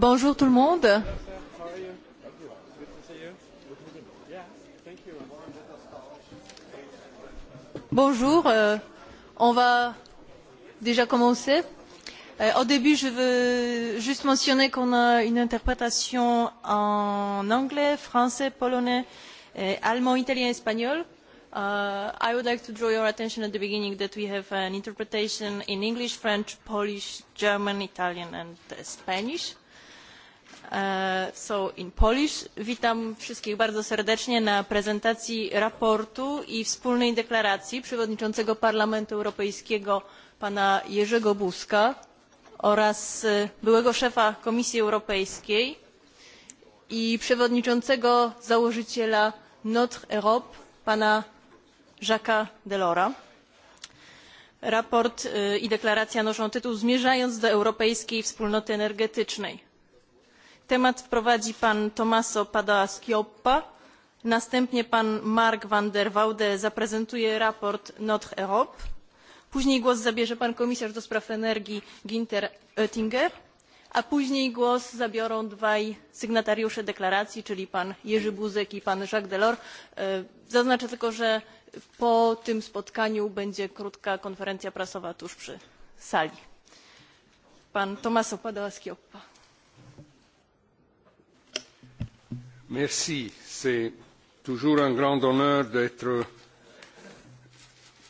Bonjour tout le monde. Bonjour, euh, on va déjà commencer. Euh, au début, je veux juste mentionner qu'on a une interprétation en anglais, français, polonais, et allemand, italien, espagnol. Uh, I would like to draw your attention at the beginning that we have an interpretation in English, French, Polish, German, Italian and uh, Spanish So in Polish. Witam wszystkich bardzo serdecznie na prezentacji raportu i wspólnej deklaracji przewodniczącego Parlamentu Europejskiego pana Jerzego Buzka oraz byłego szefa Komisji Europejskiej i przewodniczącego założyciela Notre Europe pana Jacques'a Delora. Raport i deklaracja noszą tytuł Zmierzając do Europejskiej Wspólnoty Energetycznej temat wprowadzi pan Tomaso Padoa-Schioppa, następnie pan Mark van der Waude zaprezentuje raport Notre Europe, później głos zabierze pan komisarz do spraw energii Ginter Oettinger, a później głos zabiorą dwaj sygnatariusze deklaracji, czyli pan Jerzy Buzek i pan Jacques Delors. Zaznaczę tylko, że po tym spotkaniu będzie krótka konferencja prasowa tuż przy sali. Pan Tomaso Padołaski Oppa. Merci. C'est toujours un grand honneur d'être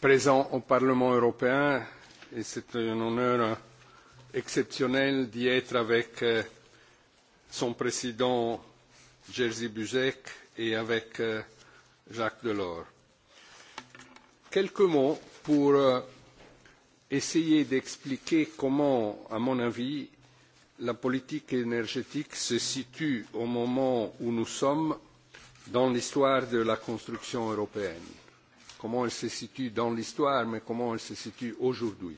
présent au Parlement européen et c'est un honneur exceptionnel d'y être avec son président Jerzy Buzek et avec Jacques Delors. Quelques mots pour essayer d'expliquer comment, à mon avis, la politique énergétique se situe au moment où nous sommes dans l'histoire de la construction européenne. Comment elle se situe dans l'histoire, mais comment elle se situe aujourd'hui.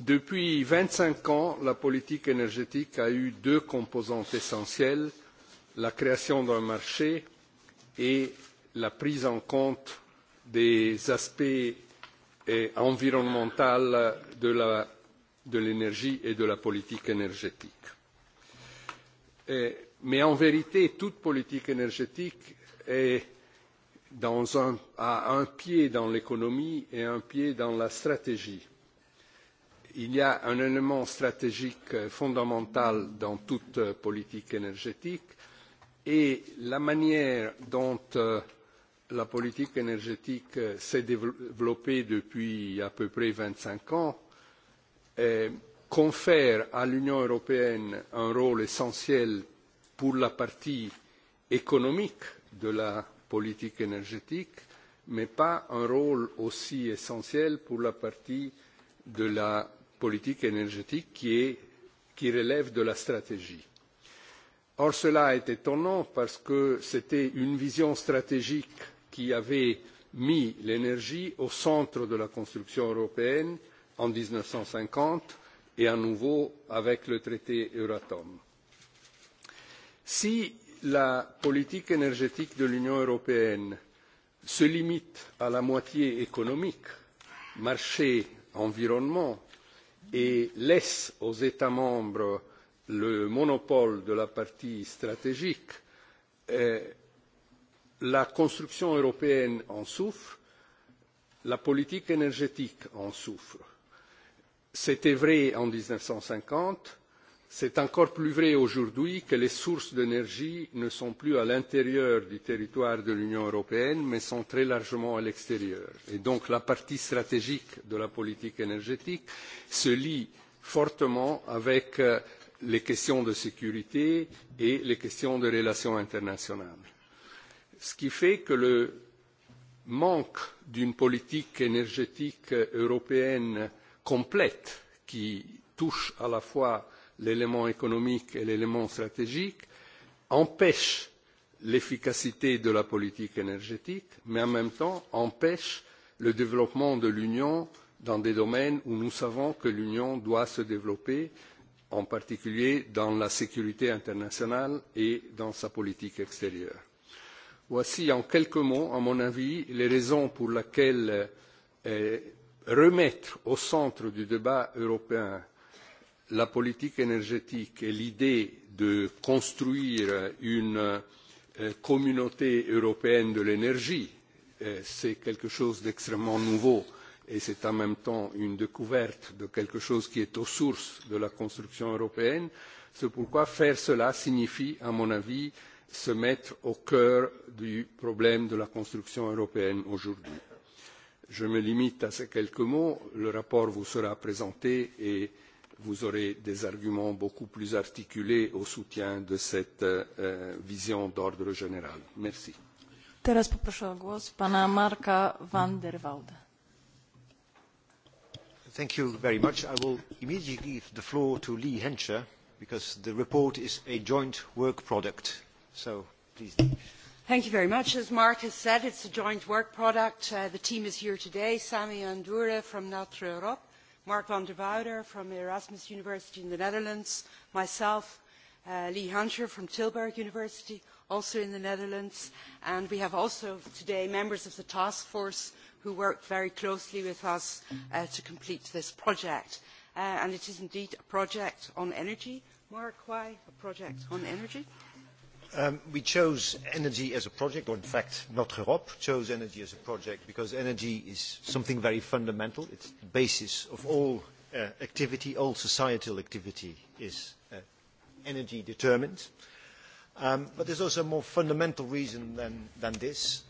Depuis vingt cinq ans, la politique énergétique a eu deux composantes essentielles, la création d'un marché et la prise en compte des aspects environnementaux de la de l'énergie et de la politique énergétique. mais en vérité, toute politique énergétique est a un pied dans l'économie et un pied dans la stratégie. Il y a un élément stratégique fondamental dans toute politique énergétique et la manière dont la politique énergétique s'est développée depuis à peu près vingt cinq ans confère à l'Union européenne un rôle essentiel pour la partie économique de la politique énergétique, mais pas un rôle aussi essentiel pour la partie de la politique énergétique qui, relève de la stratégie. Or, cela est étonnant parce que c'était une vision stratégique qui avait mis l'énergie au centre de la construction européenne en mille neuf cent cinquante et à nouveau avec le traité Euratom. Si la politique énergétique de l'Union européenne se limite à la moitié économique, marché, environnement, et laisse aux États membres le monopole de la partie stratégique, la construction européenne en souffre, la politique énergétique en souffre C'était vrai en mille neuf cent cinquante, c'est encore plus vrai aujourd'hui que les sources d'énergie ne sont plus à l'intérieur du territoire de l'Union européenne, mais sont très largement à l'extérieur. Et donc la partie stratégique de la politique énergétique se lie fortement avec les questions de sécurité et les questions de relations internationales. Ce qui fait que le manque d'une politique énergétique européenne complète qui touche à la fois l'élément économique et l'élément stratégique empêche l'efficacité de la politique énergétique, mais en même temps empêche le développement de l'Union dans des domaines où nous savons que l'Union doit se développer, en particulier dans la sécurité internationale et dans sa politique extérieure. Voici en quelques mots, à mon avis, les raisons pour lesquelles remettre au centre du débat européen la politique énergétique et l'idée de construire une communauté européenne de l'énergie, c'est quelque chose d'extrêmement nouveau et c'est en même temps une découverte de quelque chose qui est aux sources de la construction européenne. C'est pourquoi faire cela signifie, à mon avis, se mettre au cœur du problème de la construction européenne aujourd'hui Je me limite à ces quelques mots. Le rapport vous sera présenté et vous aurez des arguments beaucoup plus articulés au soutien de cette vision d'ordre général. Merci. Teraz poproszę o głos pana Marka van der Thank you very much. I will immediately give the floor to Lee because the report is a joint work product. So please. Lee. Thank you very much. As Mark has said, it's a joint work product. Uh, the team is here today, Sami Andure from Notre Europe, Mark van der Wouder from Erasmus University in the Netherlands, myself, uh, Lee Hunter from Tilburg University, also in the Netherlands, and we have also today members of the task force who worked very closely with us uh, to complete this project. Uh, and it is indeed a project on energy. Mark, why a project on energy? we chose energy as a project, or in fact, not Europe chose energy as a project because energy is something very fundamental. It's the basis of all activity, all societal activity is energy determined. but there's also a more fundamental reason than, than this.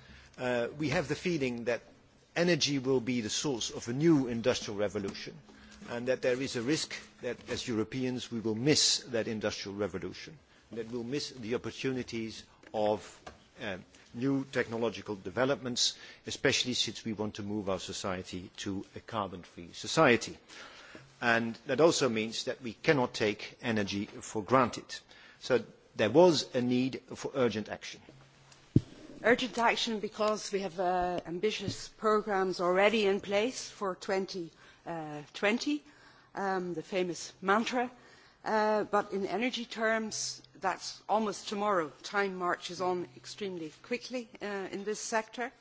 we have the feeling that energy will be the source of a new industrial revolution and that there is a risk that as Europeans we will miss that industrial revolution that will miss the opportunities of new technological developments, especially since we want to move our society to a carbon-free society. that also means that we cannot take energy for granted. So there was a need for urgent action. Urgent action because we have ambitious programmes already in place for twenty, the famous mantra. but in energy terms, is almost tomorrow. Time marches on extremely quickly in this sector.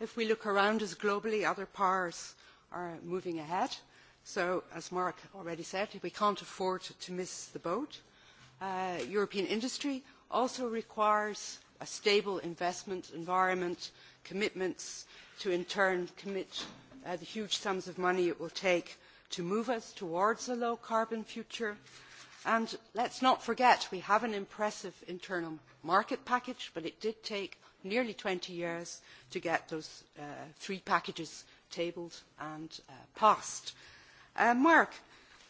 If we look around us globally, other powers are moving ahead. So, as Mark already said, we can't afford to miss the boat. European industry also requires a stable investment environment, commitments to in turn commit the huge sums of money it will take to move us towards a low carbon future, And us not forget, we have an impressive internal market package, but it did take nearly twenty years to get those uh, three packages tabled and uh, passed. Uh, Mark,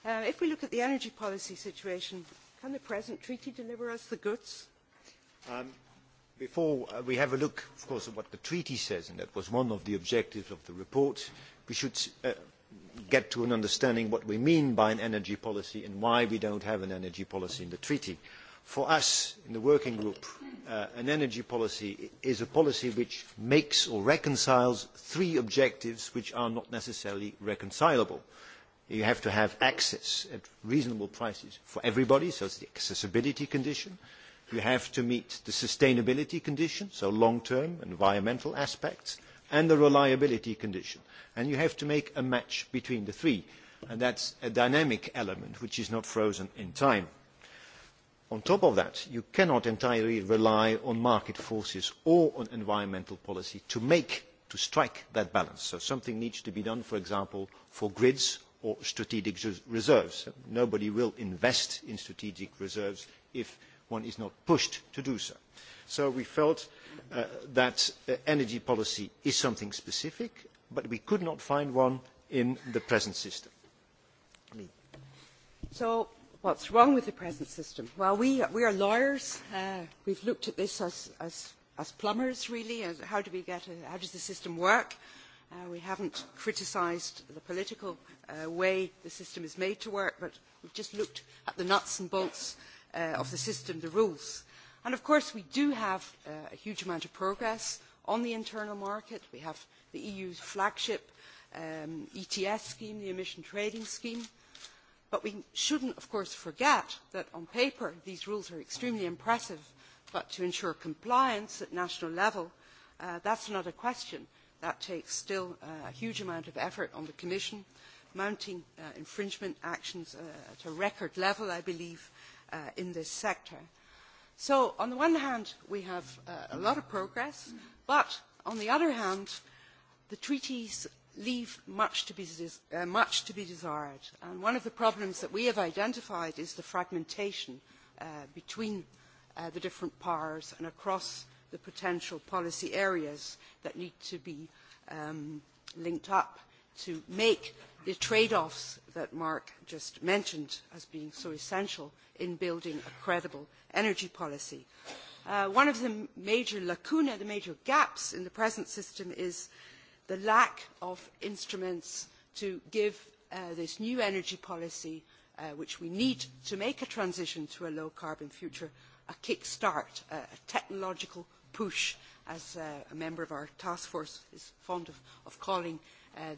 uh, if we look at the energy policy situation, can the present treaty deliver us the goods? Um, before we have a look, of course, at what the treaty says, and that was one of the objectives of the report, we should uh, get to an understanding of what we mean by an energy policy and why we do not have an energy policy in the treaty. For us, in the working group, an energy policy is a policy which makes or reconciles three objectives which are not necessarily reconcilable. You have to have access at reasonable prices for everybody, so it is the accessibility condition. You have to meet the sustainability condition, so long-term environmental aspects and the reliability condition. And you have to make a match between the three. And that is a dynamic element which is not frozen in time. On top of that, you cannot entirely rely on market forces or on environmental policy to make, to strike that balance. So something needs to be done, for example, for grids or strategic reserves. Nobody will invest in strategic reserves if one is not pushed to do so So we felt that energy policy is something specific, but we could not find one in the present system. So what is wrong with the present system? Well, we, we are lawyers. Uh, we've looked at this as, as, as plumbers, really. As how, do we get a, how does the system work? Uh, we haven't criticised the political uh, way the system is made to work, but we've just looked at the nuts and bolts uh, of the system, the rules. Uh, And of course we do have a huge amount of progress on the internal market. We have the EU's flagship ETS scheme, the emission trading scheme. But we shouldn't, of course, forget that on paper these rules are extremely impressive, but to ensure compliance at national level, that is another question. That takes still a huge amount of effort on the Commission, mounting infringement actions at a record level, I believe, in this sector. So on the one hand, we have a lot of progress, but on the other hand, the treaties leave much to, be uh, much to be desired. And one of the problems that we have identified is the fragmentation uh, between uh, the different powers and across the potential policy areas that need to be um, linked up to make the trade-offs that Mark just mentioned as being so essential in building a credible energy policy. one of the major lacuna, the major gaps in the present system is the lack of instruments to give this new energy policy, which we need to make a transition to a low-carbon future, a kick-start, a technological push, as a member of our task force is fond of calling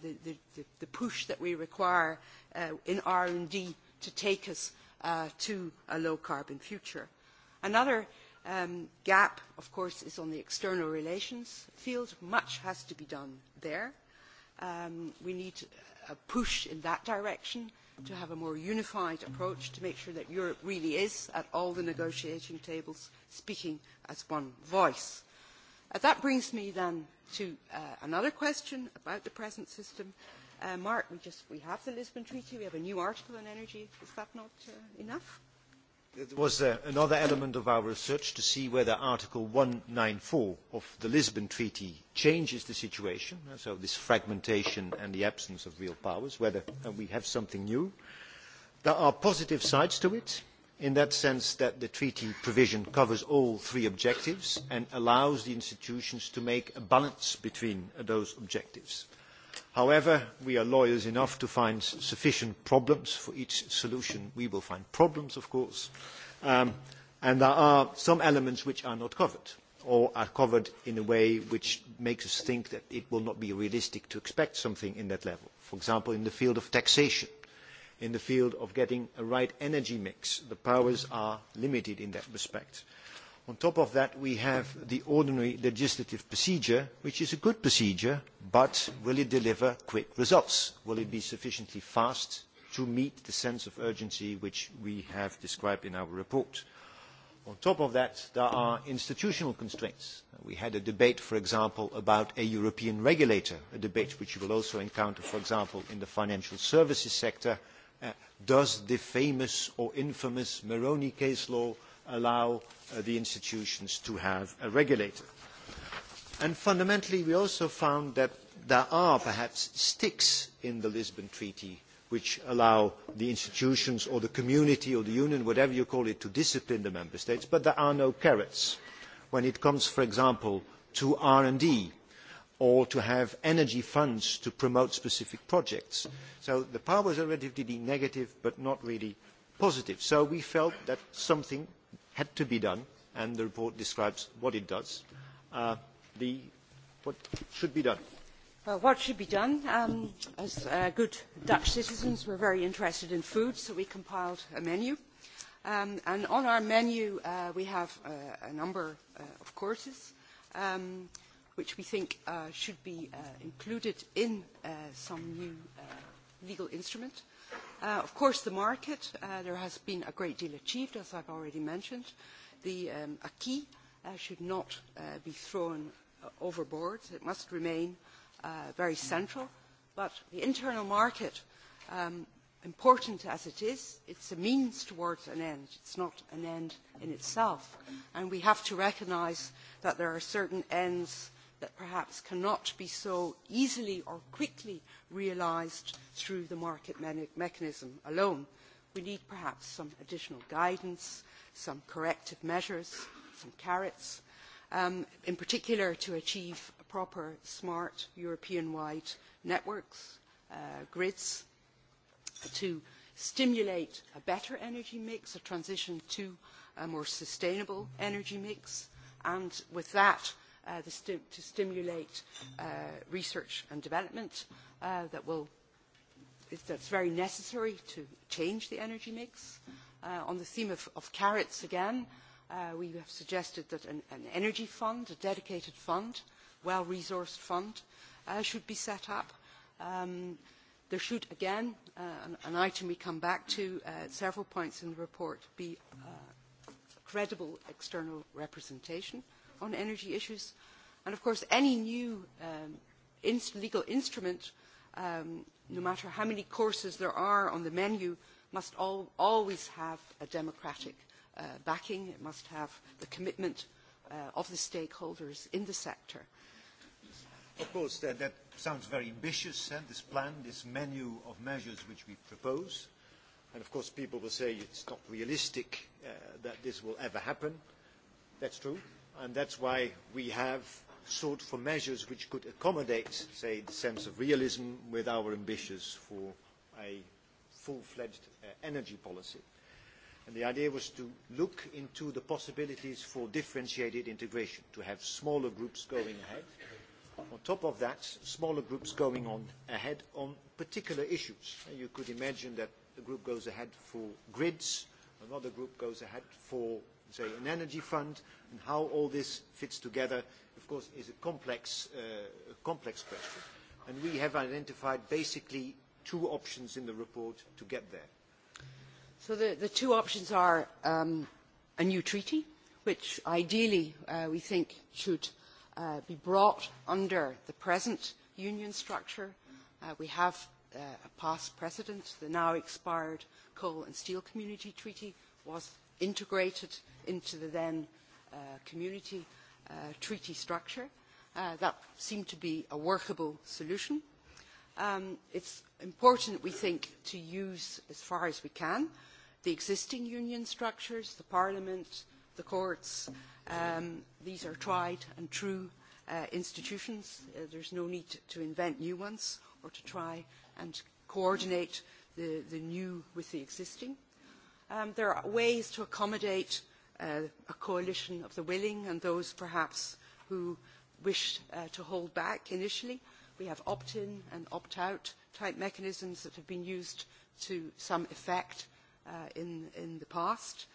the, the, the push that we require uh, in R&D to take us uh, to a low-carbon future. Another um, gap, of course, is on the external relations field. Much has to be done there. Um, we need a push in that direction to have a more unified approach to make sure that Europe really is at all the negotiating tables speaking as one voice that brings me then to uh, another question about the present system. Uh, Mark, we just we have the Lisbon Treaty. We have a new article on energy. Is that not uh, enough? It was uh, another element of our research to see whether Article 194 of the Lisbon Treaty changes the situation, so this fragmentation and the absence of real powers, whether we have something new. There are positive sides to it in that sense that the treaty provision covers all three objectives and allows the institutions to make a balance between those objectives. However, we are lawyers enough to find sufficient problems for each solution. We will find problems, of course, and there are some elements which are not covered or are covered in a way which makes us think that it will not be realistic to expect something in that level. For example, in the field of taxation, in the field of getting a right energy mix. The powers are limited in that respect. On top of that, we have the ordinary legislative procedure, which is a good procedure, but will it deliver quick results? Will it be sufficiently fast to meet the sense of urgency which we have described in our report? On top of that, there are institutional constraints. We had a debate, for example, about a European regulator, a debate which you will also encounter, for example, in the financial services sector, does the famous or infamous Moroni case law allow the institutions to have a regulator? And fundamentally, we also found that there are perhaps sticks in the Lisbon Treaty which allow the institutions or the community or the union, whatever you call it, to discipline the member states, but there are no carrots. When it comes, for example, to R&D, or to have energy funds to promote specific projects. So the power was relatively negative, but not really positive. So we felt that something had to be done, and the report describes what it does, uh, the, what should be done. Well, what should be done? Um, as uh, good Dutch citizens, we're very interested in food, so we compiled a menu. Um, and on our menu, uh, we have uh, a number uh, of courses. Um, which we think should be included in some new legal instrument. of course, the market, there has been a great deal achieved, as I've already mentioned. The acquis should not be thrown overboard. It must remain very central. But the internal market, important as it is, it's a means towards an end. It's not an end in itself. And we have to recognise that there are certain ends that perhaps cannot be so easily or quickly realised through the market mechanism alone. We need perhaps some additional guidance, some corrective measures, some carrots, in particular to achieve proper, smart, European-wide networks, grids, to stimulate a better energy mix, a transition to a more sustainable energy mix, and with that to stimulate research and development that will that's very necessary to change the energy mix. on the theme of, carrots again, we have suggested that an, energy fund, a dedicated fund, well-resourced fund, should be set up. there should, again, an, item we come back to at several points in the report, be credible external representation on energy issues. And of course, any new legal instrument, no matter how many courses there are on the menu, must always have a democratic backing. It must have the commitment of the stakeholders in the sector. Of course, that, that sounds very ambitious, and this plan, this menu of measures which we propose. And of course, people will say it's not realistic that this will ever happen. That's true and that's why we have sought for measures which could accommodate, say, the sense of realism with our ambitions for a full-fledged energy policy. And the idea was to look into the possibilities for differentiated integration, to have smaller groups going ahead. On top of that, smaller groups going on ahead on particular issues. You could imagine that a group goes ahead for grids, another group goes ahead for say, an energy fund, and how all this fits together, of course, is a complex, uh, a complex question. And we have identified basically two options in the report to get there. So the, the two options are um, a new treaty, which ideally uh, we think should uh, be brought under the present union structure. Uh, we have uh, a past precedent, the now expired Coal and Steel Community Treaty was integrated into the then community treaty structure. that seemed to be a workable solution. It is important, we think, to use as far as we can the existing union structures, the parliament, the courts. these are tried and true institutions. There is no need to invent new ones or to try and coordinate the, new with the existing there are ways to accommodate a coalition of the willing and those perhaps who wish to hold back initially. We have opt-in and opt-out type mechanisms that have been used to some effect in, in the past.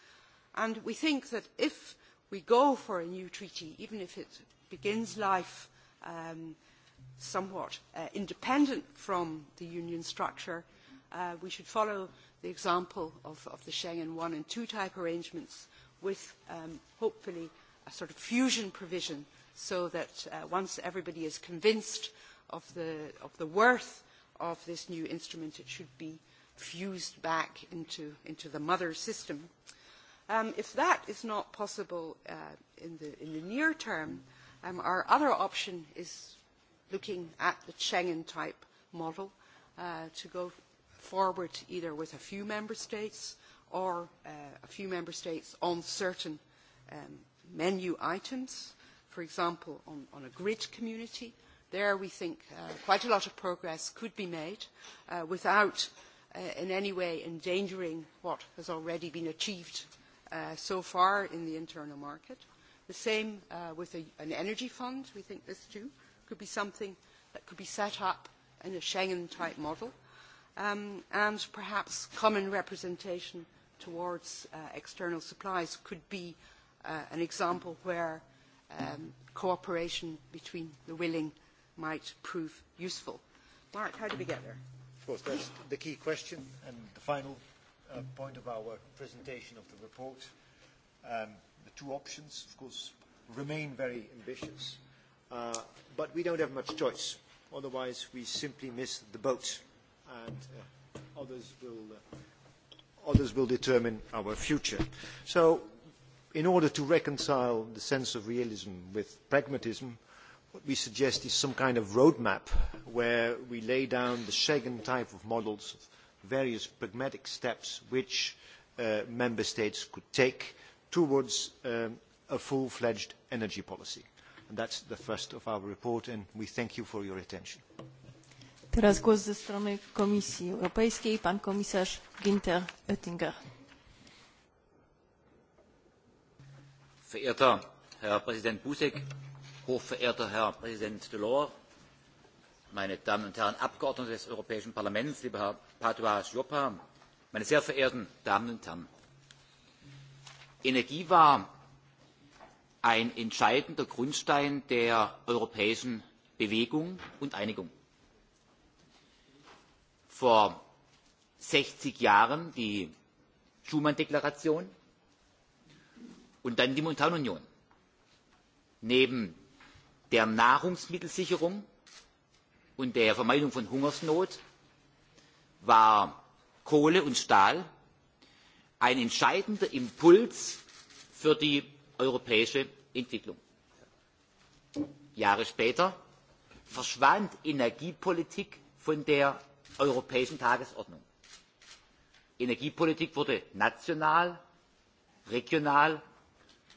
And we think that if we go for a new treaty, even if it begins life somewhat independent from the union structure, we should follow the example of, of the Schengen one and two type arrangements with um, hopefully a sort of fusion provision so that uh, once everybody is convinced of the, of the worth of this new instrument, it should be fused back into, into the mother system. Um, if that is not possible uh, in, the, in the near term, um, our other option is looking at the Schengen type model uh, to go forward either with a few member states or a few member states on certain menu items, for example, on, on a grid community. There we think quite a lot of progress could be made without in any way endangering what has already been achieved so far in the internal market. The same with an energy fund. We think this too could be something that could be set up in a Schengen-type model and perhaps common representation towards external supplies could be an example where cooperation between the willing might prove useful. Mark, how do we get there? Of course, that's the key question and the final uh, point of our presentation of the report. Um, the two options, of course, remain very ambitious, uh, but we don't have much choice. Otherwise, we simply miss the boat and others will, others will determine our future. So in order to reconcile the sense of realism with pragmatism, what we suggest is some kind of roadmap where we lay down the Schengen type of models, of various pragmatic steps which member states could take towards a full-fledged energy policy. And that's the first of our report, and we thank you for your attention. Teraz głos ze strony Komisji Europejskiej, pan komisarz Oettinger. Verehrter Herr Präsident Buzek, hochverehrter Herr Präsident Delors, meine Damen und Herren Abgeordnete des Europäischen Parlaments, lieber Herr Patois Joppa, meine sehr verehrten Damen und Herren. Energie war ein entscheidender Grundstein der europäischen Bewegung und Einigung vor sechzig Jahren die Schumann-Deklaration und dann die Montanunion. Neben der Nahrungsmittelsicherung und der Vermeidung von Hungersnot war Kohle und Stahl ein entscheidender Impuls für die europäische Entwicklung. Jahre später verschwand Energiepolitik von der europäischen Tagesordnung. Energiepolitik wurde national, regional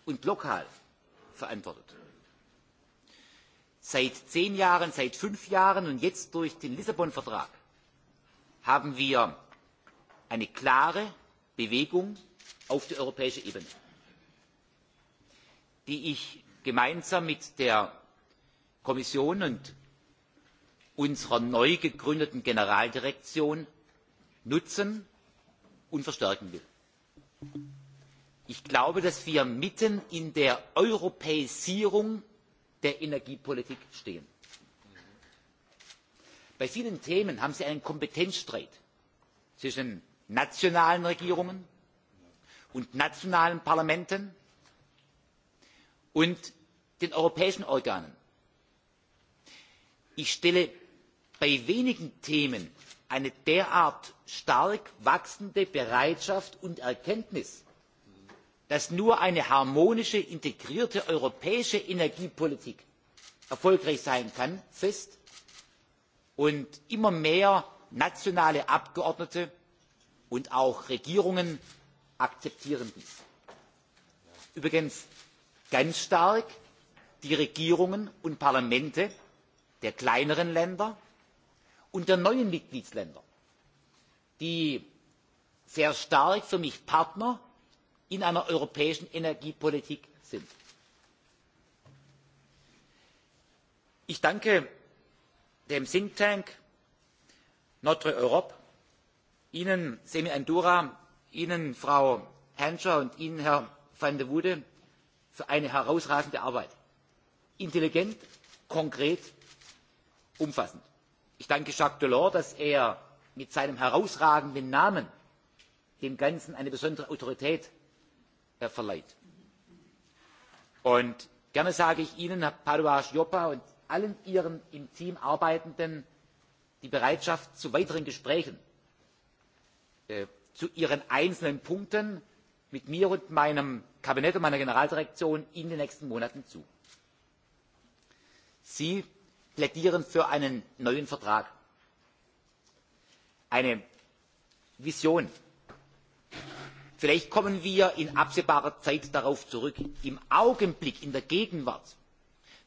und lokal verantwortet. Seit zehn Jahren, seit fünf Jahren und jetzt durch den Lissabon-Vertrag haben wir eine klare Bewegung auf die europäische Ebene, die ich gemeinsam mit der Kommission und unserer neu gegründeten generaldirektion nutzen und verstärken will. ich glaube dass wir mitten in der europäisierung der energiepolitik stehen. bei vielen themen haben sie einen kompetenzstreit zwischen nationalen regierungen und nationalen parlamenten und den europäischen organen. ich stelle bei wenigen themen eine derart stark wachsende bereitschaft und erkenntnis dass nur eine harmonische integrierte europäische energiepolitik erfolgreich sein kann fest und immer mehr nationale abgeordnete und auch regierungen akzeptieren dies. übrigens ganz stark die regierungen und parlamente der kleineren länder und der neuen mitgliedstaaten die sehr stark für mich partner in einer europäischen energiepolitik sind. ich danke dem think tank notre europe ihnen semir andura ihnen frau hancher und ihnen herr van de woude für eine herausragende arbeit intelligent konkret umfassend ich danke jacques delors dass er mit seinem herausragenden namen dem ganzen eine besondere autorität verleiht. und gerne sage ich ihnen herr paduas joppa und allen ihren im team arbeitenden die bereitschaft zu weiteren gesprächen zu ihren einzelnen punkten mit mir und meinem kabinett und meiner generaldirektion in den nächsten monaten zu. sie plädieren für einen neuen vertrag eine vision. vielleicht kommen wir in absehbarer zeit darauf zurück. im augenblick in der gegenwart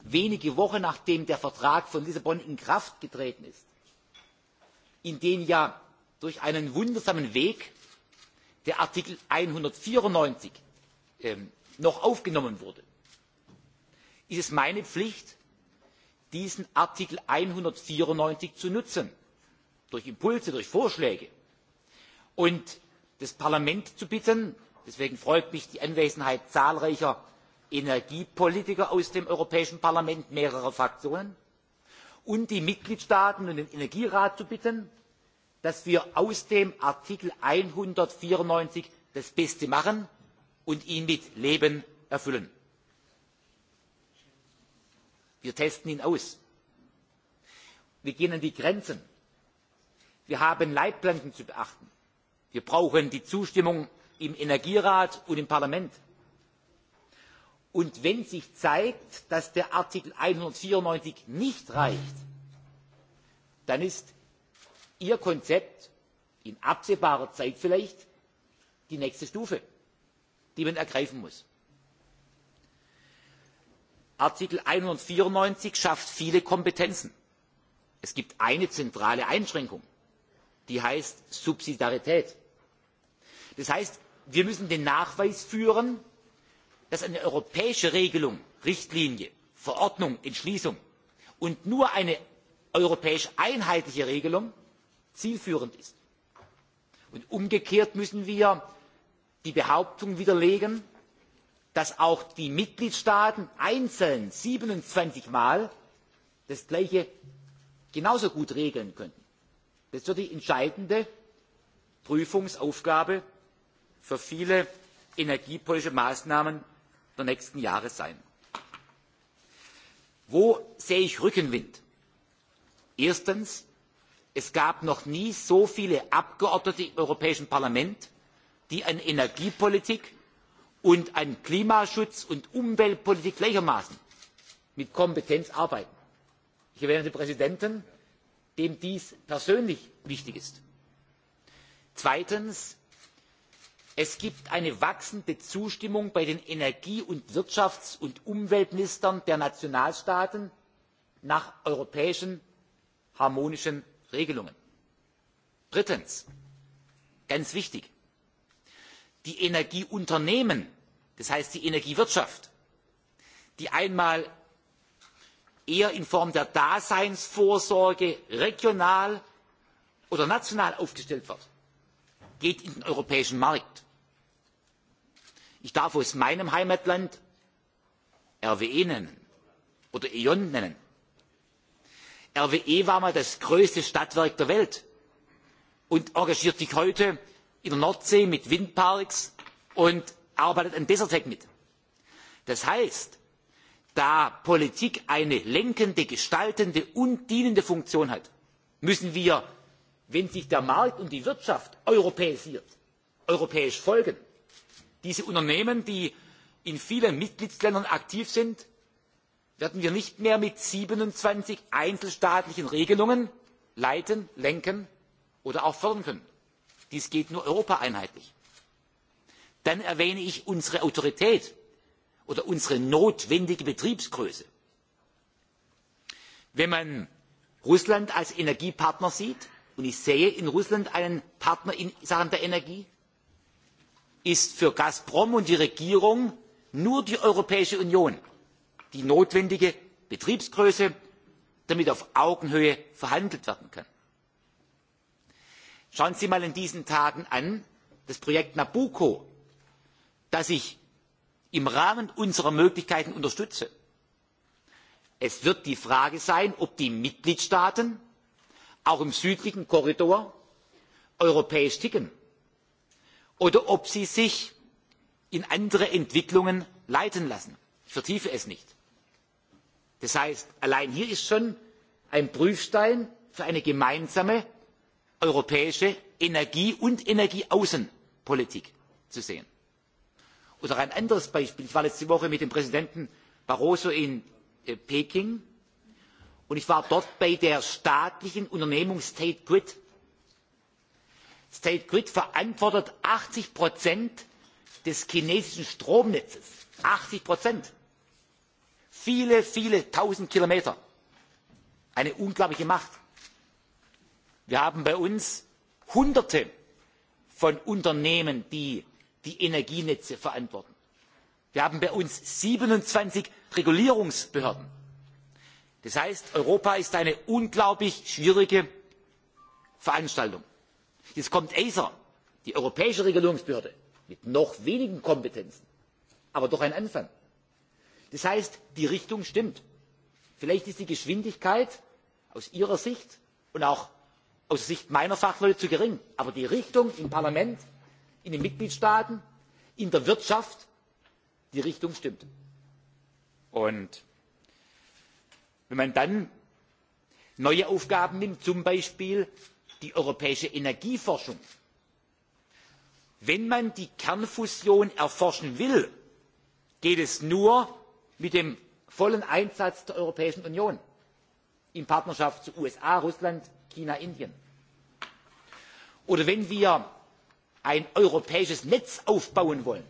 wenige wochen nachdem der vertrag von lissabon in kraft getreten ist in den ja durch einen wundersamen weg der artikel einhundertvierundneunzig noch aufgenommen wurde ist es meine pflicht diesen artikel einhundertvierundneunzig zu nutzen durch impulse durch vorschläge und das parlament zu bitten deswegen freut mich die anwesenheit zahlreicher energiepolitiker aus dem europäischen parlament mehrerer fraktionen und die mitgliedstaaten und den energierat zu bitten dass wir aus dem artikel einhundertvierundneunzig das beste machen und ihn mit leben erfüllen. Wir testen ihn aus. Wir gehen an die Grenzen. Wir haben Leitplanken zu beachten. Wir brauchen die Zustimmung im Energierat und im Parlament. Und wenn sich zeigt, dass der Artikel einhundertvierundneunzig nicht reicht, dann ist Ihr Konzept in absehbarer Zeit vielleicht die nächste Stufe, die man ergreifen muss artikel einhundertvierundneunzig schafft viele kompetenzen. es gibt eine zentrale einschränkung die heißt subsidiarität. das heißt wir müssen den nachweis führen dass eine europäische regelung richtlinie verordnung entschließung und nur eine europäisch einheitliche regelung zielführend ist. und umgekehrt müssen wir die behauptung widerlegen dass auch die Mitgliedstaaten einzeln siebenundzwanzig Mal das Gleiche genauso gut regeln könnten. Das wird die entscheidende Prüfungsaufgabe für viele energiepolitische Maßnahmen der nächsten Jahre sein. Wo sehe ich Rückenwind? Erstens, es gab noch nie so viele Abgeordnete im Europäischen Parlament, die an Energiepolitik und an klimaschutz und umweltpolitik gleichermaßen mit kompetenz arbeiten. ich erwähne den präsidenten dem dies persönlich wichtig ist. zweitens es gibt eine wachsende zustimmung bei den energie und wirtschafts und umweltministern der nationalstaaten nach europäischen harmonischen regelungen. drittens ganz wichtig die Energieunternehmen, das heißt die Energiewirtschaft, die einmal eher in Form der Daseinsvorsorge regional oder national aufgestellt wird, geht in den europäischen Markt. Ich darf aus meinem Heimatland RWE nennen oder on. nennen. RWE war mal das größte Stadtwerk der Welt und engagiert sich heute in der Nordsee mit Windparks und arbeitet an Desertec mit. Das heißt, da Politik eine lenkende, gestaltende und dienende Funktion hat, müssen wir, wenn sich der Markt und die Wirtschaft europäisiert, europäisch folgen. Diese Unternehmen, die in vielen Mitgliedstaaten aktiv sind, werden wir nicht mehr mit siebenundzwanzig einzelstaatlichen regelungen leiten lenken oder auch fördern können. Dies geht nur europaeinheitlich. Dann erwähne ich unsere Autorität oder unsere notwendige Betriebsgröße. Wenn man Russland als Energiepartner sieht, und ich sehe in Russland einen Partner in Sachen der Energie, ist für Gazprom und die Regierung nur die Europäische Union die notwendige Betriebsgröße, damit auf Augenhöhe verhandelt werden schauen sie mal in diesen tagen an, das projekt nabucco das ich im rahmen unserer möglichkeiten unterstütze. es wird die frage sein ob die mitgliedstaaten auch im südlichen korridor europäisch ticken oder ob sie sich in andere entwicklungen leiten lassen. ich vertiefe es nicht. das heißt allein hier ist schon ein prüfstein für eine gemeinsame europäische energie und energieaußenpolitik zu sehen. oder ein anderes beispiel ich war letzte woche mit dem präsidenten barroso in peking und ich war dort bei der staatlichen unternehmung state grid. state grid verantwortet achtzig des chinesischen stromnetzes achtzig viele viele tausend kilometer eine unglaubliche macht wir haben bei uns hunderte von unternehmen die die energienetze verantworten. wir haben bei uns siebenundzwanzig regulierungsbehörden. das heißt europa ist eine unglaublich schwierige veranstaltung. jetzt kommt acer die europäische regulierungsbehörde mit noch wenigen kompetenzen aber doch ein anfang. das heißt die richtung stimmt. vielleicht ist die geschwindigkeit aus ihrer sicht und aus sicht meiner fachleute zu gering. aber die richtung im parlament in den mitgliedstaaten in der wirtschaft die richtung stimmt. und wenn man dann neue aufgaben nimmt zum beispiel die europäische energieforschung wenn man die kernfusion erforschen will geht es nur mit dem vollen einsatz der europäischen union in partnerschaft zu den usa russland china indien. oder wenn wir ein europäisches netz aufbauen wollen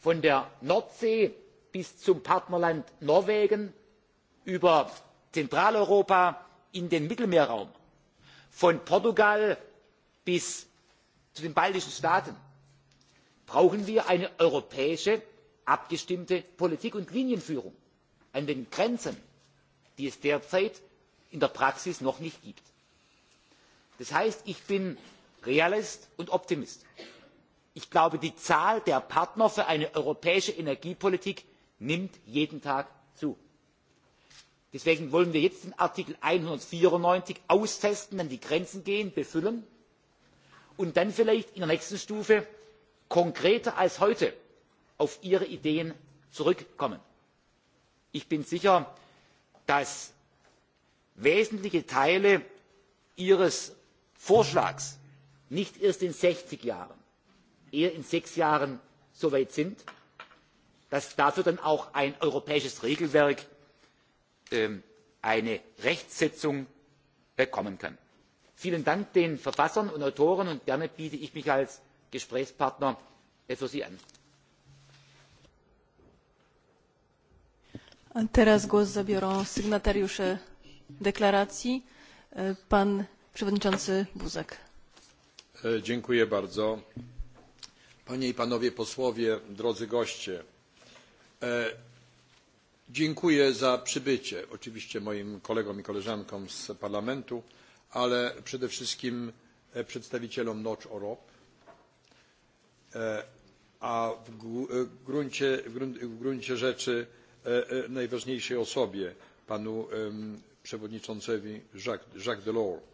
von der nordsee bis zum partnerland norwegen über zentraleuropa in den mittelmeerraum von portugal bis zu den baltischen staaten brauchen wir eine europäische abgestimmte politik und linienführung an den grenzen die es derzeit in der praxis noch nicht gibt das heißt ich bin realist und optimist. ich glaube die zahl der partner für eine europäische energiepolitik nimmt jeden tag zu. deswegen wollen wir jetzt den artikel einhundertvierundneunzig austesten an die grenzen gehen befüllen und dann vielleicht in der nächsten stufe konkreter als heute auf ihre ideen zurückkommen. ich bin sicher dass wesentliche teile ihres vorschlags nicht erst in sechzig jahren eher in sechs jahren so weit sind dass dafür dann auch ein europäisches regelwerk eine rechtsetzung bekommen kann. vielen dank den verfassern und autoren und gerne biete ich mich als gesprächspartner für sie an. teraz głos zabiorą sygnatariusze deklaracji pan Przewodniczący Buzek. Panie i panowie posłowie, drodzy goście. Dziękuję za przybycie, oczywiście moim kolegom i koleżankom z parlamentu, ale przede wszystkim przedstawicielom Notch Europe, a w gruncie, rzeczy najważniejszej osobie, panu przewodniczącemu Jacques delorsowi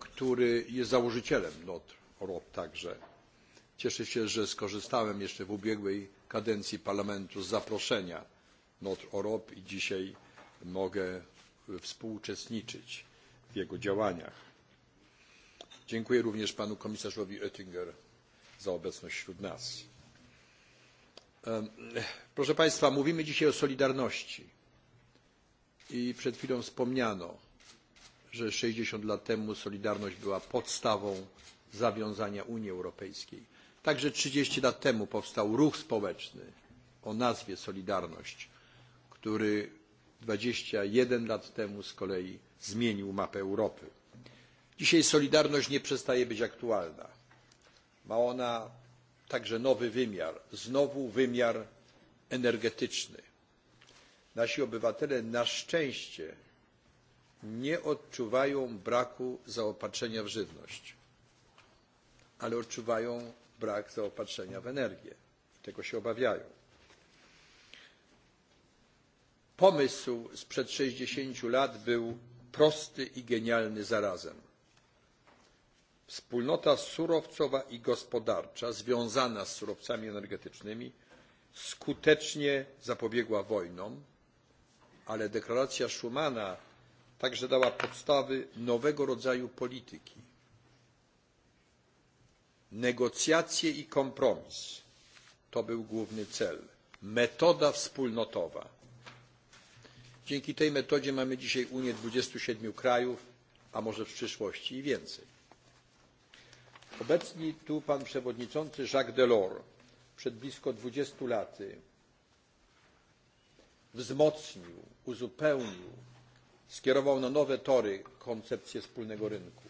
który jest założycielem Nord ROP także. Cieszę się, że skorzystałem jeszcze w ubiegłej kadencji parlamentu z zaproszenia Nord ROP i dzisiaj mogę współuczestniczyć w jego działaniach. Dziękuję również panu komisarzowi Oettinger za obecność wśród nas. Proszę Państwa, mówimy dzisiaj o solidarności i przed chwilą wspomniano że 60 lat temu Solidarność była podstawą zawiązania Unii Europejskiej. Także 30 lat temu powstał ruch społeczny o nazwie Solidarność, który 21 lat temu z kolei zmienił mapę Europy. Dzisiaj Solidarność nie przestaje być aktualna. Ma ona także nowy wymiar, znowu wymiar energetyczny. Nasi obywatele na szczęście nie odczuwają braku zaopatrzenia w żywność, ale odczuwają brak zaopatrzenia w energię. Tego się obawiają. Pomysł sprzed 60 lat był prosty i genialny zarazem. Wspólnota surowcowa i gospodarcza związana z surowcami energetycznymi skutecznie zapobiegła wojnom, ale deklaracja Schumana także dała podstawy nowego rodzaju polityki negocjacje i kompromis to był główny cel metoda wspólnotowa. Dzięki tej metodzie mamy dzisiaj Unię 27 krajów, a może w przyszłości i więcej. Obecni tu pan przewodniczący Jacques Delors przed blisko 20 laty wzmocnił, uzupełnił skierował na nowe tory koncepcję wspólnego rynku.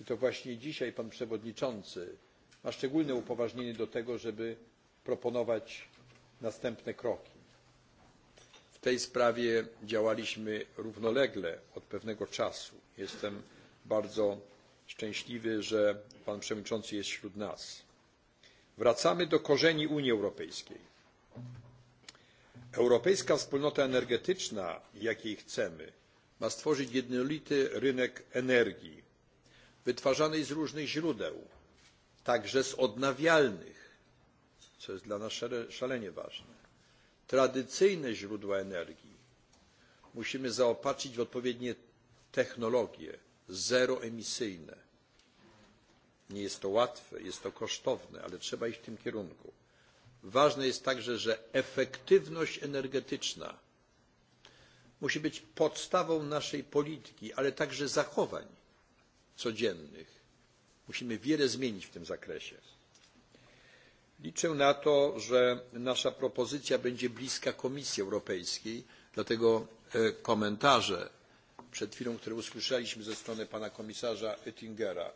I to właśnie dzisiaj pan przewodniczący ma szczególne upoważnienie do tego, żeby proponować następne kroki. W tej sprawie działaliśmy równolegle od pewnego czasu. Jestem bardzo szczęśliwy, że pan przewodniczący jest wśród nas. Wracamy do korzeni Unii Europejskiej Europejska wspólnota energetyczna, jakiej chcemy, ma stworzyć jednolity rynek energii wytwarzanej z różnych źródeł, także z odnawialnych, co jest dla nas szalenie ważne. Tradycyjne źródła energii musimy zaopatrzyć w odpowiednie technologie zeroemisyjne. Nie jest to łatwe, jest to kosztowne, ale trzeba iść w tym kierunku. Ważne jest także, że efektywność energetyczna musi być podstawą naszej polityki, ale także zachowań codziennych. Musimy wiele zmienić w tym zakresie. Liczę na to, że nasza propozycja będzie bliska Komisji Europejskiej, dlatego komentarze przed chwilą, które usłyszeliśmy ze strony pana komisarza Oettingera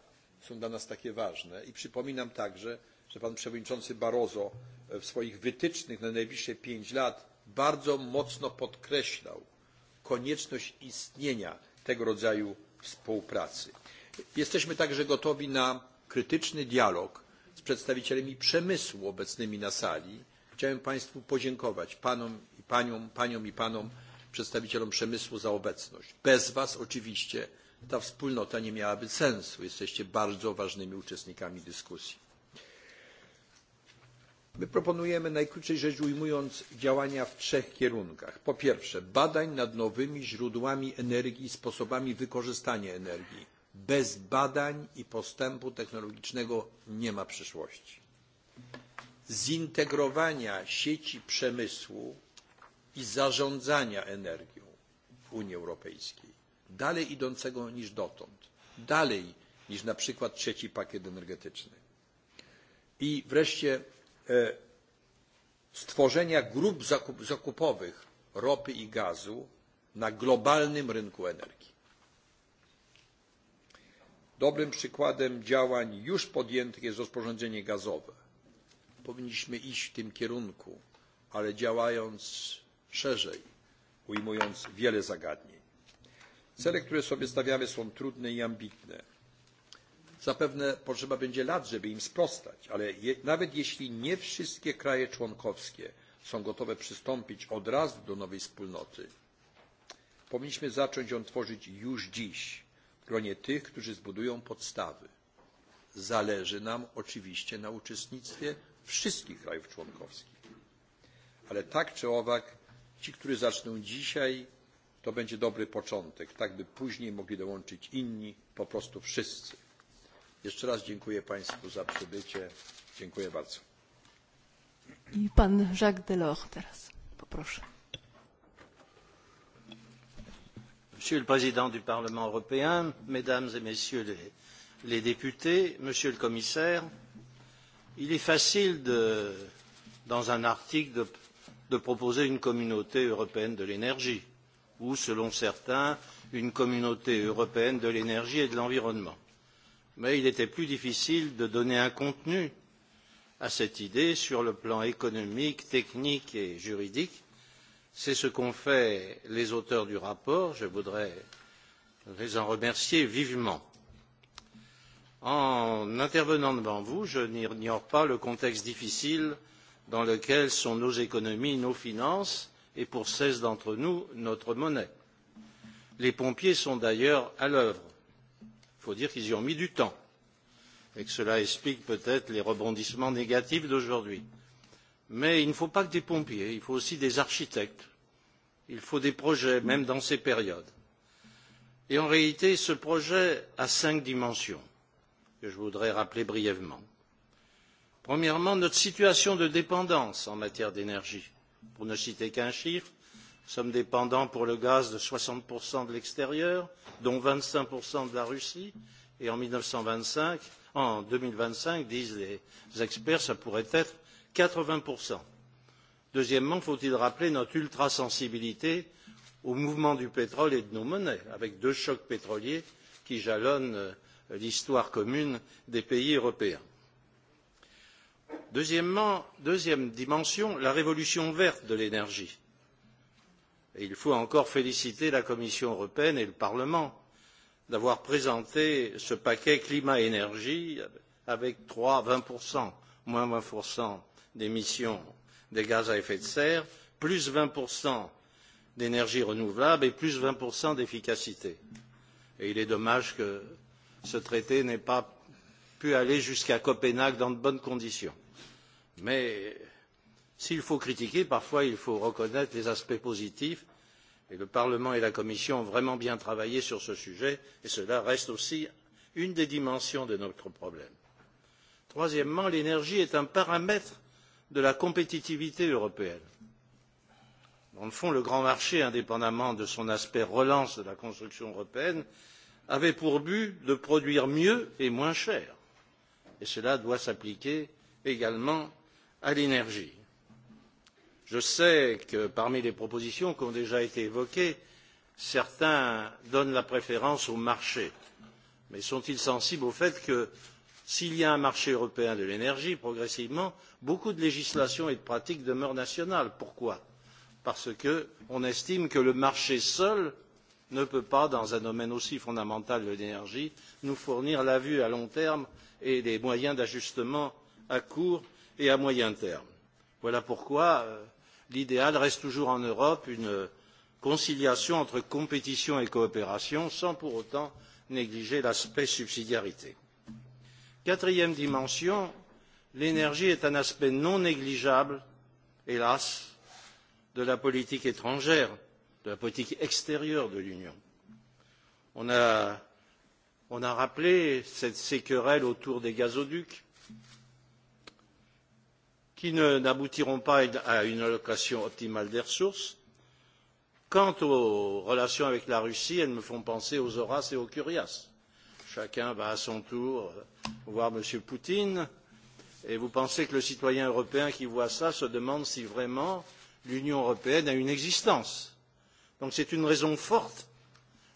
są dla nas takie ważne i przypominam także, że pan przewodniczący Barroso w swoich wytycznych na najbliższe pięć lat bardzo mocno podkreślał konieczność istnienia tego rodzaju współpracy. Jesteśmy także gotowi na krytyczny dialog z przedstawicielami przemysłu obecnymi na sali. Chciałem Państwu podziękować, panom i paniom, paniom i panom przedstawicielom przemysłu za obecność. Bez Was oczywiście ta wspólnota nie miałaby sensu. Jesteście bardzo ważnymi uczestnikami dyskusji. My proponujemy, najkrócej rzecz ujmując, działania w trzech kierunkach. Po pierwsze, badań nad nowymi źródłami energii i sposobami wykorzystania energii. Bez badań i postępu technologicznego nie ma przyszłości. Zintegrowania sieci przemysłu i zarządzania energią w Unii Europejskiej. Dalej idącego niż dotąd. Dalej niż na przykład trzeci pakiet energetyczny. I wreszcie stworzenia grup zakupowych ropy i gazu na globalnym rynku energii. Dobrym przykładem działań już podjętych jest rozporządzenie gazowe. Powinniśmy iść w tym kierunku, ale działając szerzej, ujmując wiele zagadnień. Cele, które sobie stawiamy, są trudne i ambitne Zapewne potrzeba będzie lat, żeby im sprostać, ale nawet jeśli nie wszystkie kraje członkowskie są gotowe przystąpić od razu do nowej wspólnoty, powinniśmy zacząć ją tworzyć już dziś w gronie tych, którzy zbudują podstawy. Zależy nam oczywiście na uczestnictwie wszystkich krajów członkowskich. Ale tak czy owak, ci, którzy zaczną dzisiaj, to będzie dobry początek, tak by później mogli dołączyć inni, po prostu wszyscy. Jeszcze raz dziękuję Państwu za przybycie. Dziękuję bardzo. I pan Jacques Delors teraz. Poproszę. Monsieur le Président du Parlement européen, Mesdames et Messieurs les, députés, Monsieur le Commissaire, il est facile, dans un article, de proposer une communauté européenne de l'énergie, ou, selon certains, une communauté européenne de l'énergie et de l'environnement mais il était plus difficile de donner un contenu à cette idée sur le plan économique, technique et juridique. C'est ce qu'ont fait les auteurs du rapport. Je voudrais les en remercier vivement. En intervenant devant vous, je n'ignore pas le contexte difficile dans lequel sont nos économies, nos finances et pour seize d'entre nous, notre monnaie. Les pompiers sont d'ailleurs à l'œuvre faut dire qu'ils y ont mis du temps et que cela explique peut être les rebondissements négatifs d'aujourd'hui. Mais il ne faut pas que des pompiers, il faut aussi des architectes, il faut des projets, même dans ces périodes. Et en réalité, ce projet a cinq dimensions que je voudrais rappeler brièvement. Premièrement, notre situation de dépendance en matière d'énergie, pour ne citer qu'un chiffre, Nous sommes dépendants pour le gaz de soixante de l'extérieur, dont vingt cinq de la Russie. Et en, 1925, en deux mille vingt cinq, disent les experts, ça pourrait être quatre vingts Deuxièmement, faut-il rappeler notre ultrasensibilité au mouvement du pétrole et de nos monnaies, avec deux chocs pétroliers qui jalonnent l'histoire commune des pays européens. Deuxièmement, deuxième dimension, la révolution verte de l'énergie il faut encore féliciter la Commission européenne et le Parlement d'avoir présenté ce paquet climat énergie avec trois vingt moins vingt d'émissions de gaz à effet de serre, plus vingt d'énergie renouvelable et plus vingt d'efficacité. Et il est dommage que ce traité n'ait pas pu aller jusqu'à Copenhague dans de bonnes conditions. Mais s'il faut critiquer parfois il faut reconnaître les aspects positifs et le parlement et la commission ont vraiment bien travaillé sur ce sujet et cela reste aussi une des dimensions de notre problème. troisièmement l'énergie est un paramètre de la compétitivité européenne. dans le fond le grand marché indépendamment de son aspect relance de la construction européenne avait pour but de produire mieux et moins cher et cela doit s'appliquer également à l'énergie je sais que parmi les propositions qui ont déjà été évoquées certains donnent la préférence au marché mais sont ils sensibles au fait que s'il y a un marché européen de l'énergie progressivement beaucoup de législations et de pratiques demeurent nationales? pourquoi? parce qu'on estime que le marché seul ne peut pas dans un domaine aussi fondamental de l'énergie nous fournir la vue à long terme et des moyens d'ajustement à court et à moyen terme. voilà pourquoi l'idéal reste toujours en Europe une conciliation entre compétition et coopération, sans pour autant négliger l'aspect subsidiarité. Quatrième dimension, l'énergie est un aspect non négligeable, hélas, de la politique étrangère, de la politique extérieure de l'Union. On a, rappelé ces querelles autour des gazoducs, qui n'aboutiront pas à une allocation optimale des ressources. Quant aux relations avec la Russie, elles me font penser aux Horaces et aux Curias. Chacun va à son tour voir M. Poutine. Et vous pensez que le citoyen européen qui voit cela se demande si vraiment l'Union européenne a une existence. Donc c'est une raison forte.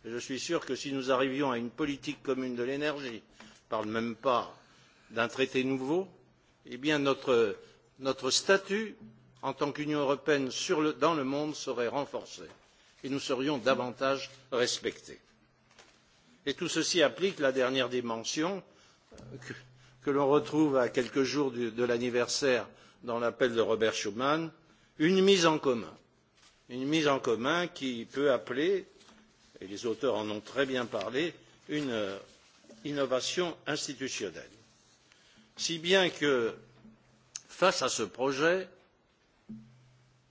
Et je suis sûr que si nous arrivions à une politique commune de l'énergie, je ne parle même pas d'un traité nouveau, eh bien notre notre statut en tant qu'union européenne dans le monde serait renforcé et nous serions davantage respectés. et tout ceci implique la dernière dimension que l'on retrouve à quelques jours de l'anniversaire dans l'appel de robert schuman une mise en commun une mise en commun qui peut appeler et les auteurs en ont très bien parlé une innovation institutionnelle si bien que Face à ce projet,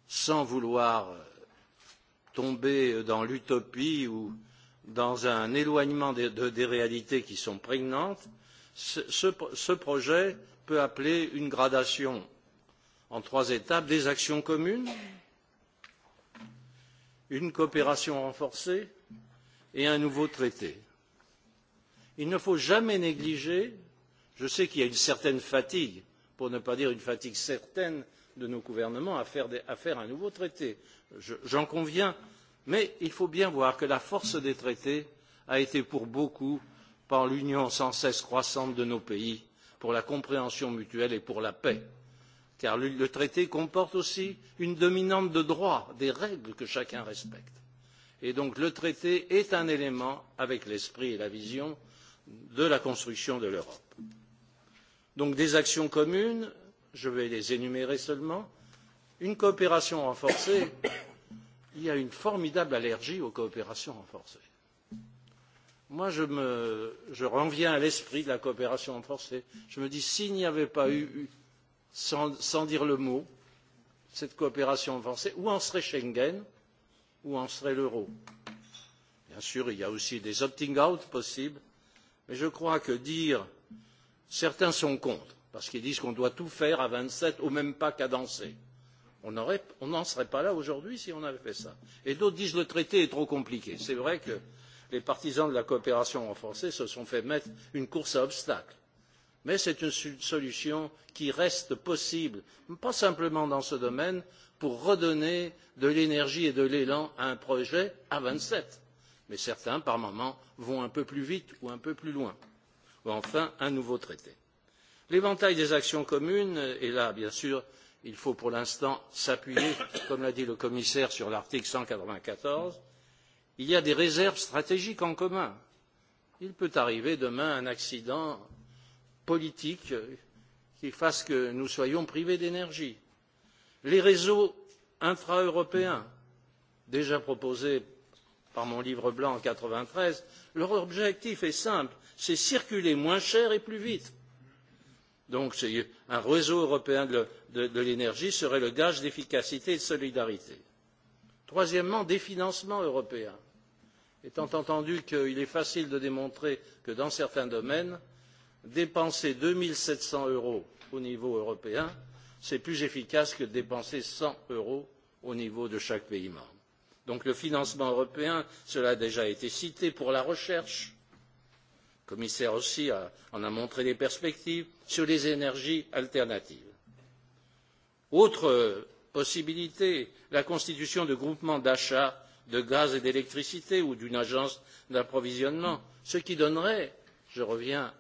sans vouloir tomber dans l'utopie ou dans un éloignement des réalités qui sont prégnantes, ce projet peut appeler une gradation en trois étapes des actions communes, une coopération renforcée et un nouveau traité. Il ne faut jamais négliger je sais qu'il y a une certaine fatigue pour ne pas dire une fatigue certaine de nos gouvernements à faire, un nouveau traité. J'en conviens, mais il faut bien voir que la force des traités a été pour beaucoup par l'union sans cesse croissante de nos pays, pour la compréhension mutuelle et pour la paix. Car le traité comporte aussi une dominante de droit, des règles que chacun respecte. Et donc le traité est un élément avec l'esprit et la vision de la construction de l'Europe donc des actions communes je vais les énumérer seulement une coopération renforcée il y a une formidable allergie aux coopérations renforcées. Moi, je, me, je reviens à l'esprit de la coopération renforcée. Je me dis, s'il n'y avait pas eu, sans, sans dire le mot, cette coopération renforcée, où en serait Schengen Où en serait l'euro Bien sûr, il y a aussi des opting-out possibles, mais je crois que dire Certains sont contre, parce qu'ils disent qu'on doit tout faire à vingt sept au même pas cadencé. On n'en serait pas là aujourd'hui si on avait fait cela. Et d'autres disent que le traité est trop compliqué. C'est vrai que les partisans de la coopération renforcée se sont fait mettre une course à obstacles. Mais c'est une solution qui reste possible, pas simplement dans ce domaine, pour redonner de l'énergie et de l'élan à un projet à vingt sept. Mais certains, par moments, vont un peu plus vite ou un peu plus loin ou enfin un nouveau traité. L'éventail des actions communes et là, bien sûr, il faut pour l'instant s'appuyer, comme l'a dit le commissaire, sur l'article cent quatre vingt quatorze il y a des réserves stratégiques en commun. Il peut arriver demain un accident politique qui fasse que nous soyons privés d'énergie. Les réseaux intra-européens, déjà proposés par mon livre blanc en quatre vingt treize leur objectif est simple c'est circuler moins cher et plus vite. donc un réseau européen de l'énergie serait le gage d'efficacité et de solidarité. troisièmement des financements européens étant entendu qu'il est facile de démontrer que dans certains domaines dépenser deux sept cents euros au niveau européen c'est plus efficace que de dépenser cent euros au niveau de chaque pays membre donc le financement européen cela a déjà été cité pour la recherche le commissaire aussi en a montré les perspectives sur les énergies alternatives. autre possibilité la constitution de groupements d'achat de gaz et d'électricité ou d'une agence d'approvisionnement ce qui donnerait je reviens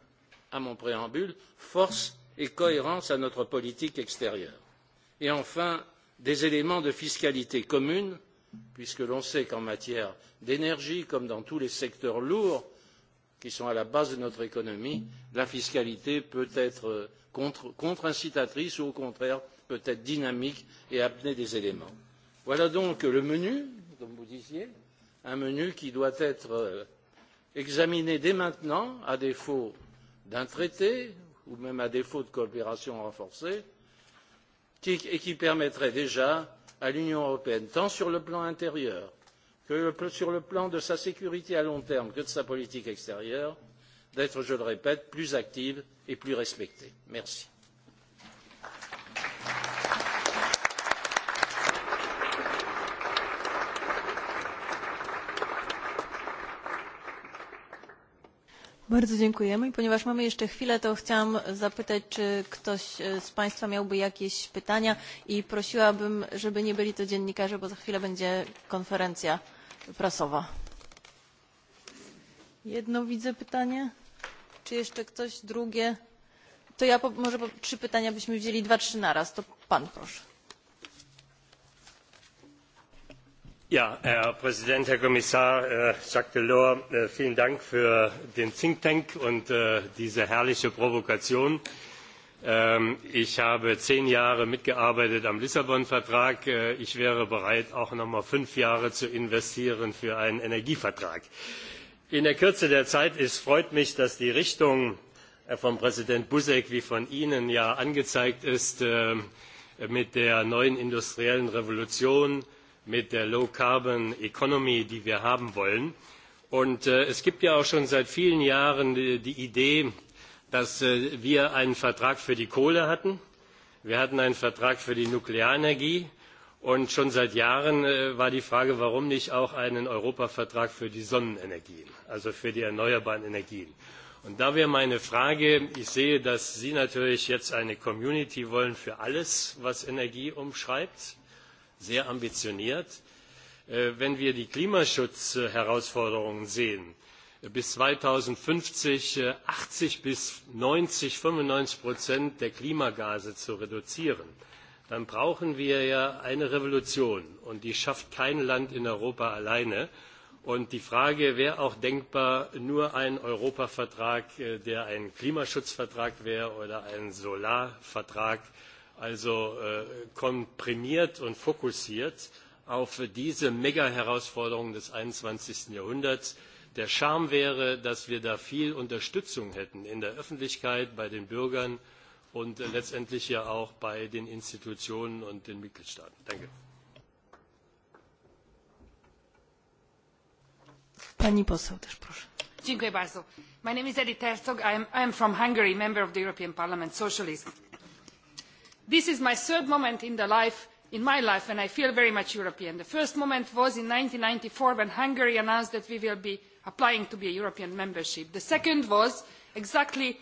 à mon préambule force et cohérence à notre politique extérieure. et enfin des éléments de fiscalité commune puisque l'on sait qu'en matière d'énergie comme dans tous les secteurs lourds qui sont à la base de notre économie la fiscalité peut être contre incitatrice ou au contraire peut être dynamique et amener des éléments. voilà donc le menu comme vous disiez un menu qui doit être examiné dès maintenant à défaut d'un traité ou même à défaut de coopération renforcée et qui permettrait déjà à l'Union européenne, tant sur le plan intérieur que sur le plan de sa sécurité à long terme que de sa politique extérieure, d'être, je le répète, plus active et plus respectée. Merci. Bardzo dziękujemy. I ponieważ mamy jeszcze chwilę, to chciałam zapytać, czy ktoś z Państwa miałby jakieś pytania i prosiłabym, żeby nie byli to dziennikarze, bo za chwilę będzie konferencja prasowa. Jedno widzę pytanie. Czy jeszcze ktoś drugie? To ja może trzy pytania byśmy wzięli, dwa, trzy naraz. To Pan proszę herr präsident herr kommissar jacques delors! vielen dank für den think tank und diese herrliche provokation. ich habe zehn jahre mitgearbeitet am lissabon vertrag ich wäre bereit auch noch einmal fünf jahre zu investieren für einen energievertrag. in der kürze der zeit freut mich dass die richtung von präsident buzek wie von ihnen ja angezeigt ist mit der neuen industriellen revolution mit der Low Carbon Economy, die wir haben wollen. Und es gibt ja auch schon seit vielen Jahren die Idee, dass wir einen Vertrag für die Kohle hatten. Wir hatten einen Vertrag für die Nuklearenergie. Und schon seit Jahren war die Frage, warum nicht auch einen Europavertrag für die Sonnenenergien, also für die erneuerbaren Energien. Und da wäre meine Frage, ich sehe, dass Sie natürlich jetzt eine Community wollen für alles, was Energie umschreibt sehr ambitioniert. wenn wir die klimaschutzherausforderungen sehen bis zweitausendfünfzig achtzig bis neunzig fünfundneunzig der klimagase zu reduzieren dann brauchen wir ja eine revolution und die schafft kein land in europa alleine. die frage wäre auch denkbar nur ein europavertrag der ein klimaschutzvertrag wäre oder ein solarvertrag also komprimiert und fokussiert auf diese Mega-Herausforderungen des. einundzwanzig Jahrhunderts. Der Charme wäre, dass wir da viel Unterstützung hätten in der Öffentlichkeit, bei den Bürgern und letztendlich ja auch bei den Institutionen und den Mitgliedstaaten. Danke. Pani poseł też proszę. Dziękuję bardzo. My name is Herzog. I am from Hungary, member of the European Parliament, socialist this is my third moment in my life when i feel very much european. the first moment was in one thousand nine hundred and ninety four when hungary announced that we will be applying to be a european membership. the second was exactly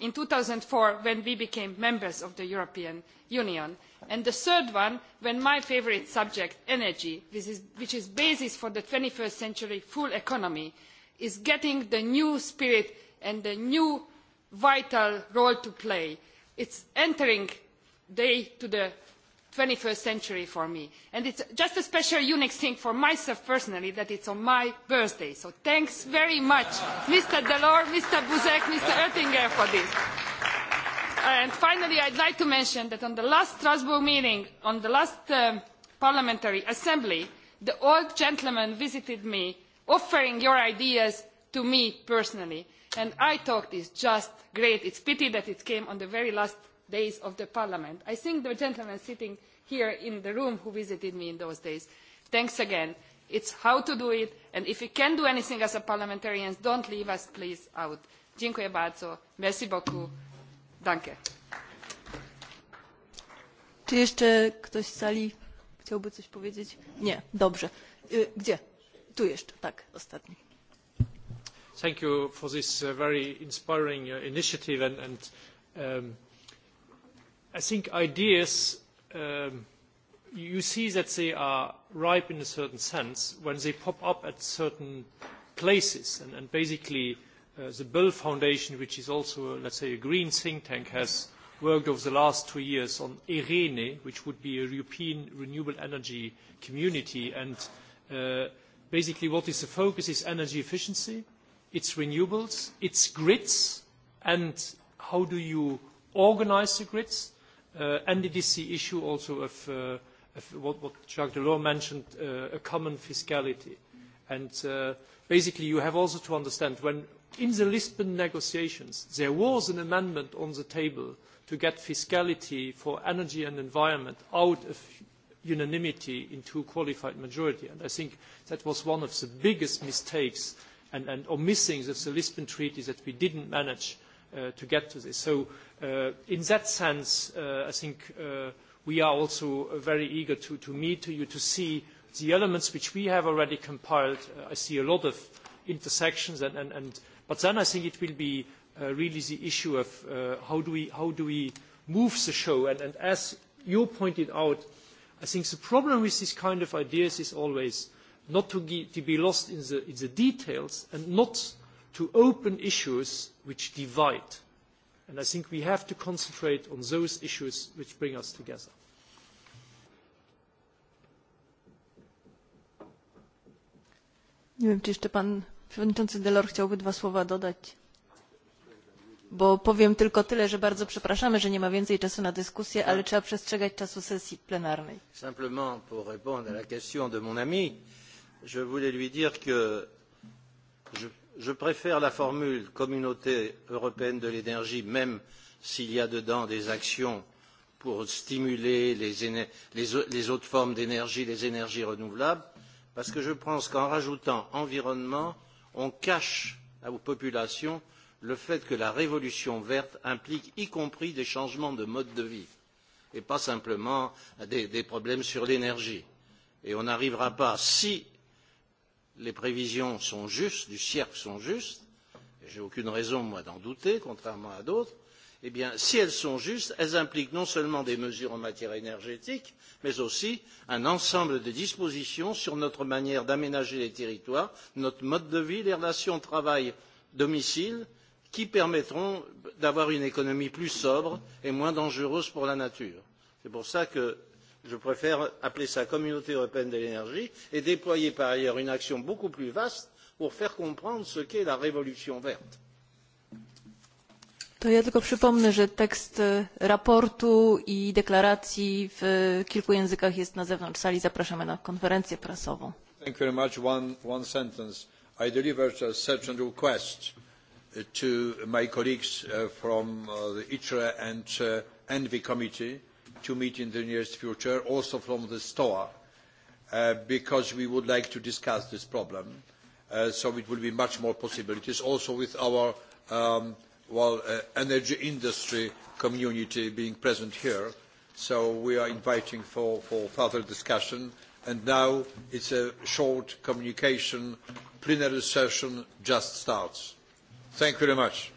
in two thousand and four when we became members of the european union and the third one when my favourite subject energy which is the basis for the twenty first century full economy is getting the new spirit and the new vital role to play. it is entering day to the twenty first century for me. And it's just a special unique thing for myself personally that it's on my birthday. So thanks very much, Mr. Delors, Mr. Buzek, Mr. Oettinger for this. And finally, I'd like to mention that on the last Strasbourg meeting, on the last Parliamentary Assembly, the old gentleman visited me, offering your ideas to me personally. And I thought it's just great. It's pity that it came on the very last days of the parliament. I think the gentleman sitting here in the room who visited me in those days, thanks again. it is how to do it, and if we can do anything as parliamentarians do not leave us, please, out. Dziękuję bardzo. Merci beaucoup. Danke. Czy jeszcze ktoś z sali chciałby coś powiedzieć? Nie, dobrze. Gdzie? Tu jeszcze, tak, ostatni. Thank you for this very inspiring initiative and, I think ideas, you see that they are ripe in a certain sense when they pop up at certain places. And, and basically, the Bill Foundation, which is also, let's say, a green think tank, has worked over the last two years on ERENE, which would be a European renewable energy community. And basically what is the focus is energy efficiency, it's renewables, it's grids, and how do you organise the grids and it is the issue also of, what, what Jacques Delors mentioned, a common fiscality. And basically you have also to understand when in the Lisbon negotiations there was an amendment on the table to get fiscality for energy and environment out of unanimity into a qualified majority. And I think that was one of the biggest mistakes and, and omissings of the Lisbon Treaty that we didn't manage to get to this. So in that sense, I think we are also very eager to meet you, to see the elements which we have already compiled. I see a lot of intersections, and but then I think it will be really the issue of how do we move the show. And as you pointed out, I think the problem with these kind of ideas is always not to be lost in the details and not to open issues which divide. And I think we have to concentrate on those issues which bring us together. Nie wiem, czy jeszcze pan przewodniczący Delor chciałby dwa słowa dodać. Bo powiem tylko tyle, że bardzo przepraszamy, że nie ma więcej czasu na dyskusję, ale trzeba przestrzegać czasu sesji plenarnej. Simplement pour répondre à la question de mon ami, je voulais lui dire que je préfère la formule communauté européenne de l'énergie, même s'il y a dedans des actions pour stimuler les, autres formes d'énergie, les énergies renouvelables, parce que je pense qu'en rajoutant environnement, on cache aux populations le fait que la révolution verte implique y compris des changements de mode de vie et pas simplement des, problèmes sur l'énergie. Et on n'arrivera pas, si les prévisions sont justes, du CIRC sont justes, et j'ai aucune raison, moi, d'en douter, contrairement à d'autres, eh bien, si elles sont justes, elles impliquent non seulement des mesures en matière énergétique, mais aussi un ensemble de dispositions sur notre manière d'aménager les territoires, notre mode de vie, les relations travail-domicile, qui permettront d'avoir une économie plus sobre et moins dangereuse pour la nature. C'est pour cela que je préfère appeler cela communauté européenne de l'énergie et déployer par ailleurs une action beaucoup plus vaste pour faire comprendre ce qu'est la révolution verte. To ja tylko przypomnę, że tekst raportu i deklaracji w kilku językach jest na zewnątrz sali. Zapraszamy na konferencję prasową. Thank you very much. One, one sentence. I delivered a certain request to my colleagues from the ITRE and ENVI committee to meet in the nearest future, also from the STOA, because we would like to discuss this problem. so it will be much more possibilities also with our energy industry community being present here. So we are inviting for, for further discussion. And now it's a short communication. Plenary session just starts. Thank you very much.